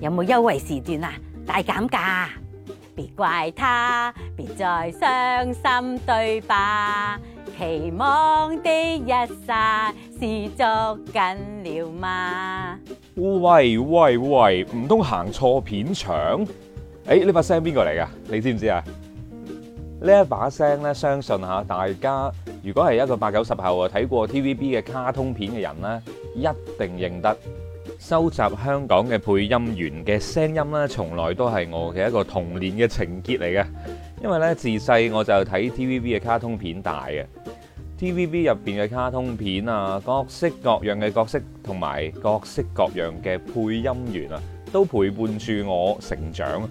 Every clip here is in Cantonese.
有冇優惠時段啊？大減價、啊！別怪他，別再傷心對吧？期望的一剎，是抓緊了嗎？喂喂喂，唔通行錯片場？誒、欸，呢把聲邊個嚟㗎？你知唔知啊？這聲呢一把聲咧，相信吓大家，如果係一個八九十後啊，睇過 TVB 嘅卡通片嘅人咧，一定認得。收集香港嘅配音員嘅聲音咧，從來都係我嘅一個童年嘅情結嚟嘅。因為咧自細我就睇 TVB 嘅卡通片大嘅，TVB 入邊嘅卡通片啊，各式各樣嘅角色同埋各式各樣嘅配音員啊，都陪伴住我成長。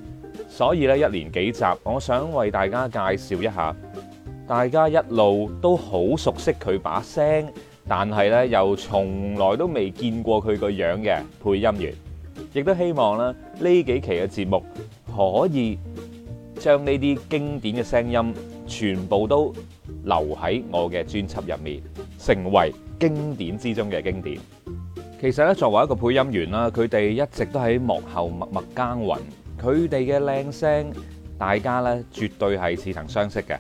所以咧，一連幾集，我想為大家介紹一下，大家一路都好熟悉佢把聲，但係咧，又從來都未見過佢個樣嘅配音員，亦都希望咧呢幾期嘅節目可以將呢啲經典嘅聲音全部都留喺我嘅專輯入面，成為經典之中嘅經典。其實咧，作為一個配音員啦，佢哋一直都喺幕後默默耕耘，佢哋嘅靚聲，大家咧絕對係似曾相識嘅。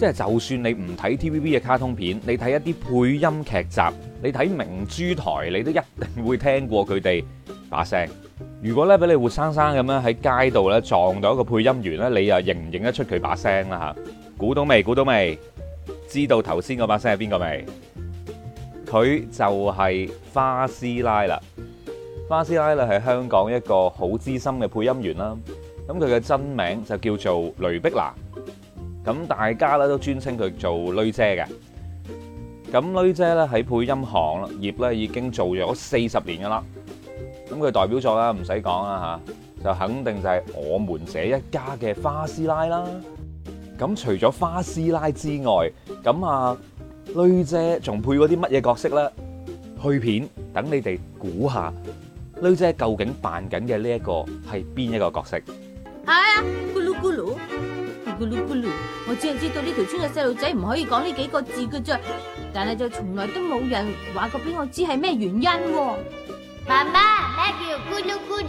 即係就算你唔睇 TVB 嘅卡通片，你睇一啲配音劇集，你睇明珠台，你都一定會聽過佢哋把聲。如果咧俾你活生生咁樣喺街度咧撞到一個配音員咧，你又認唔認得出佢把聲啦？嚇，估到未？估到未？知道頭先嗰把聲係邊個未？佢就係花師奶啦。花師奶咧係香港一個好資深嘅配音員啦。咁佢嘅真名就叫做雷碧娜。咁大家咧都尊稱佢做女姐嘅，咁女姐咧喺配音行業咧已經做咗四十年噶啦，咁佢代表作啦唔使講啦吓，就肯定就係我們這一家嘅花師奶啦。咁除咗花師奶之外，咁啊女姐仲配過啲乜嘢角色咧？去片等你哋估下，女姐究竟扮緊嘅呢一個係邊一個角色？係啊。咕嚕咕嚕，我只係知道呢條村嘅細路仔唔可以講呢幾個字噶啫，但係就從來都冇人話過俾我知係咩原因。媽媽，咩叫咕嚕咕嚕？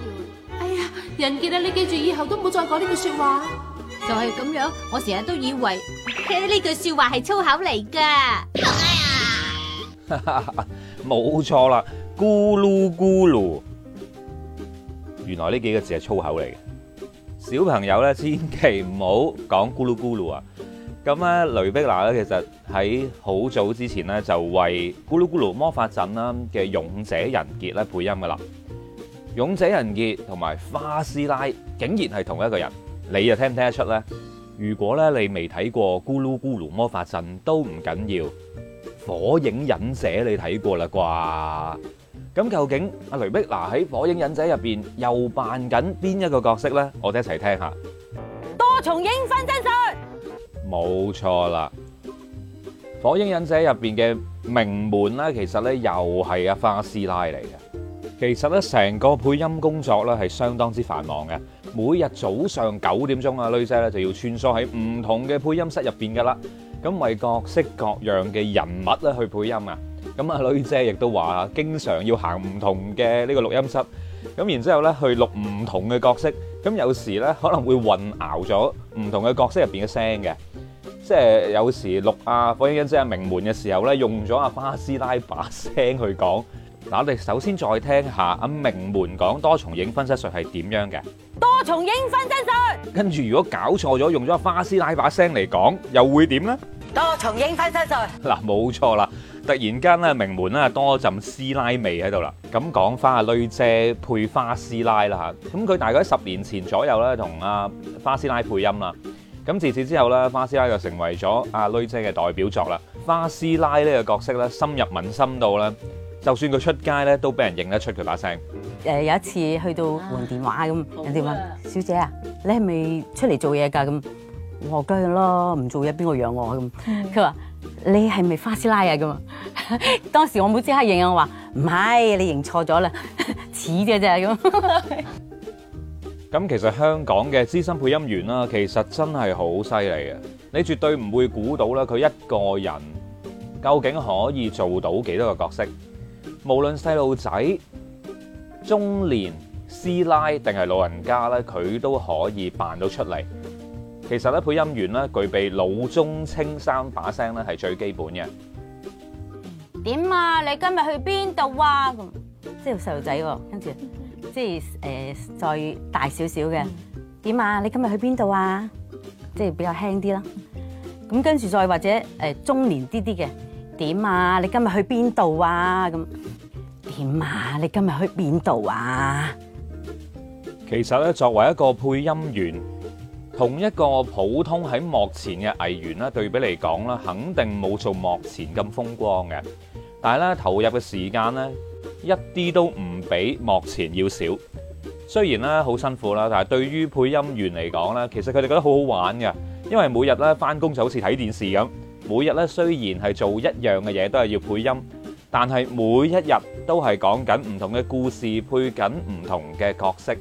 哎呀，人傑啊，你記住以後都冇再講呢句說話。就係、是、咁樣，我成日都以為聽呢 句說話係粗口嚟噶。冇錯啦，咕嚕咕嚕，原來呢幾個字係粗口嚟嘅。小朋友咧，千祈唔好講咕嚕咕嚕啊！咁咧，雷碧娜咧，其實喺好早之前咧，就為《咕嚕咕嚕魔法陣》啦嘅《勇者仁傑》咧配音噶啦，《勇者仁傑》同埋《花師奶》竟然係同一個人，你又聽唔聽得出咧？如果咧你未睇過《咕嚕咕嚕魔法陣》，都唔緊要，《火影忍者》你睇過啦啩？咁究竟阿雷碧娜喺《火影忍者》入邊又扮緊邊一個角色咧？我哋一齊聽下。多重影分身術。冇錯啦，《火影忍者》入邊嘅名門咧，其實咧又係阿花師奶嚟嘅。其實咧成個配音工作咧係相當之繁忙嘅。每日早上九點鐘啊，女仔咧就要穿梭喺唔同嘅配音室入邊噶啦。咁為各式各樣嘅人物咧去配音啊！咁啊，女姐亦都話經常要行唔同嘅呢個錄音室，咁然之後咧去錄唔同嘅角色，咁有時咧可能會混淆咗唔同嘅角色入邊嘅聲嘅，即係有時錄啊《火影忍者》啊《名門》嘅時候咧，用咗阿花師奶把聲去講。嗱，我哋首先再聽下啊《名門》講多重影分身術係點樣嘅？多重影分身術。跟住如果搞錯咗用咗阿花師奶把聲嚟講，又會點咧？多重影分身術。嗱，冇錯啦。突然間咧，名門咧多咗陣師奶味喺度啦。咁講返阿，雷姐配花師奶啦吓。咁佢大概十年前左右咧，同阿花師奶配音啦。咁自此之後咧，花師奶就成為咗阿雷姐嘅代表作啦。花師奶呢個角色咧，深入民心度咧，就算佢出街咧，都俾人認得出佢把聲。誒，有一次去到換電話咁，人哋問小姐啊，你係咪出嚟做嘢㗎？咁我梗係啦，唔做嘢邊個養我咁？佢話。你係咪花師奶啊？咁啊，當時我冇即刻認，我話唔係，你認錯咗啦，似嘅啫咁。咁 其實香港嘅資深配音員啦，其實真係好犀利嘅，你絕對唔會估到啦，佢一個人究竟可以做到幾多個角色，無論細路仔、中年師奶定係老人家咧，佢都可以扮到出嚟。其實咧，配音員咧具備老中青三把聲咧係最基本嘅。點啊？你今日去邊度啊？咁即係細路仔，跟住即係誒再大少少嘅。點啊？你今日去邊度啊？即係比較輕啲啦。咁跟住再或者誒中年啲啲嘅。點啊？你今日去邊度啊？咁點啊？你今日去邊度啊？其實咧，作為一個配音員。同一個普通喺幕前嘅藝員咧，對比嚟講咧，肯定冇做幕前咁風光嘅。但係咧，投入嘅時間咧，一啲都唔比幕前要少。雖然咧好辛苦啦，但係對於配音員嚟講咧，其實佢哋覺得好好玩嘅，因為每日咧返工就好似睇電視咁。每日咧雖然係做一樣嘅嘢，都係要配音，但係每一日都係講緊唔同嘅故事，配緊唔同嘅角色。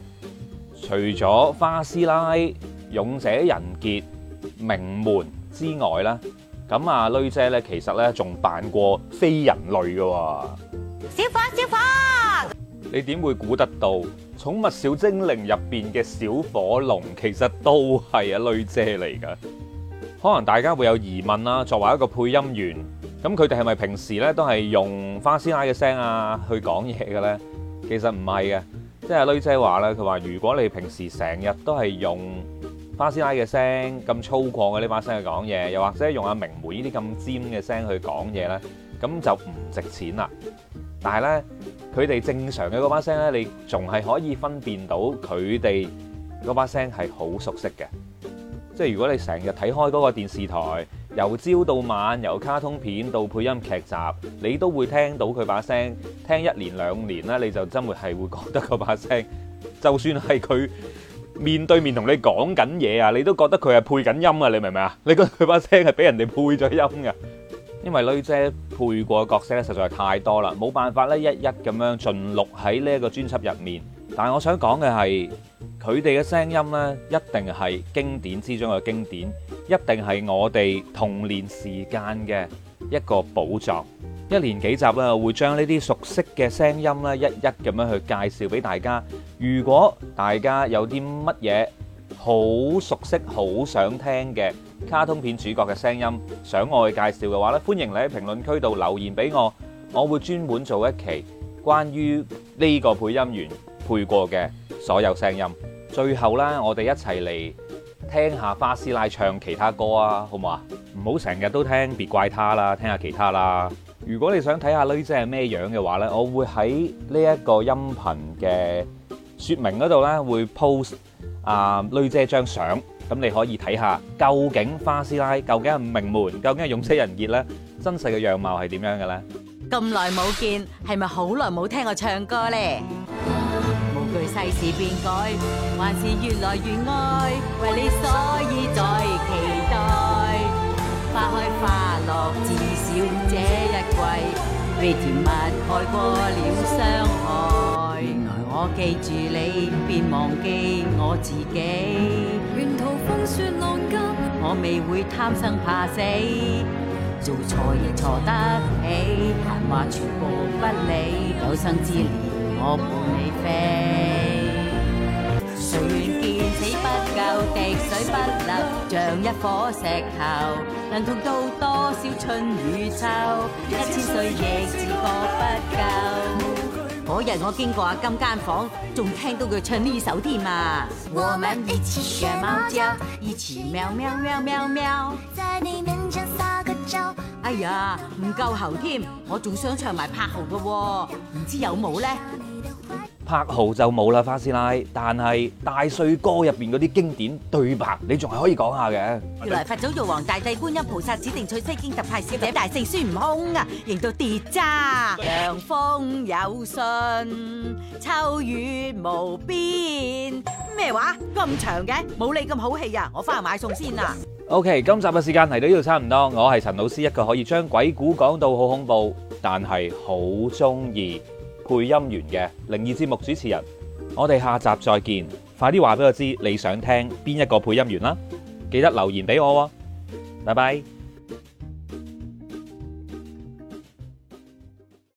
除咗花師奶、勇者人傑名門之外呢，咁阿雷姐呢，其實呢仲扮過非人類㗎喎。小火，小火，你點會估得到《寵物小精靈》入邊嘅小火龍其實都係阿雷姐嚟㗎。可能大家會有疑問啦。作為一個配音員，咁佢哋係咪平時呢都係用花師奶嘅聲啊去講嘢嘅呢？其實唔係嘅，即係雷姐話呢，佢話如果你平時成日都係用巴師奶嘅聲咁粗獷嘅呢把聲去講嘢，又或者用阿明妹呢啲咁尖嘅聲去講嘢呢，咁就唔值錢啦。但係呢，佢哋正常嘅嗰把聲呢，你仲係可以分辨到佢哋嗰把聲係好熟悉嘅。即係如果你成日睇開嗰個電視台，由朝到晚，由卡通片到配音劇集，你都會聽到佢把聲。聽一年兩年呢，你就真會係會覺得嗰把聲，就算係佢。面對面同你講緊嘢啊，你都覺得佢係配緊音啊，你明唔明啊？你覺得佢把聲係俾人哋配咗音嘅，因為女姐配過嘅角色咧，實在太多啦，冇辦法咧，一一咁樣盡錄喺呢一個專輯入面。但係我想講嘅係，佢哋嘅聲音呢，一定係經典之中嘅經典，一定係我哋童年時間嘅一個寶藏。一年幾集啦，我會將呢啲熟悉嘅聲音咧，一一咁樣去介紹俾大家。如果大家有啲乜嘢好熟悉、好想聽嘅卡通片主角嘅聲音，想我去介紹嘅話咧，歡迎你喺評論區度留言俾我，我會專門做一期關於呢個配音員配過嘅所有聲音。最後呢，我哋一齊嚟聽下花師奶唱其他歌啊，好唔好啊？唔好成日都聽別怪他啦，聽下其他啦。如果你想睇下娜姐係咩樣嘅話咧，我會喺呢一個音頻嘅説明嗰度咧會 post 啊娜姐張相，咁你可以睇下究竟花師奶究竟係名門，究竟係勇者仁傑咧真實嘅樣貌係點樣嘅咧？咁耐冇見，係咪好耐冇聽我唱歌咧？無懼世事變改，還是越來越愛，為你所以在期待，花開花落自。這一季被甜蜜蓋過了傷害，原來我記住你，便忘記我自己。沿途風雪浪急，我未會貪生怕死，做錯亦錯得起，閒話全部不理。有生之年我不理，我伴你飛。水不流，像一顆石頭，能同到多少春與秋？一千歲亦自覺不夠。嗰日我經過阿金間房，仲聽到佢唱呢首添啊！我們一起學貓叫，一起喵喵喵喵喵。哎呀，唔夠喉添，我仲想唱埋拍喉嘅，唔知有冇咧？柏豪就冇啦，花師奶。但係大帥哥入邊嗰啲經典對白，你仲係可以講下嘅。原來佛祖玉皇大帝觀音菩薩指定取西經特派使者大聖孫悟空啊，型到跌渣。涼風有信，秋雨無邊。咩話咁長嘅？冇你咁好戲啊！我翻去買餸先啦。OK，今集嘅時間嚟到呢度差唔多。我係陳老師，一個可以將鬼故講到好恐怖，但係好中意配音員嘅靈異節目主持人，我哋下集再見，快啲話俾我知你想聽邊一個配音員啦，記得留言俾我喎，拜拜。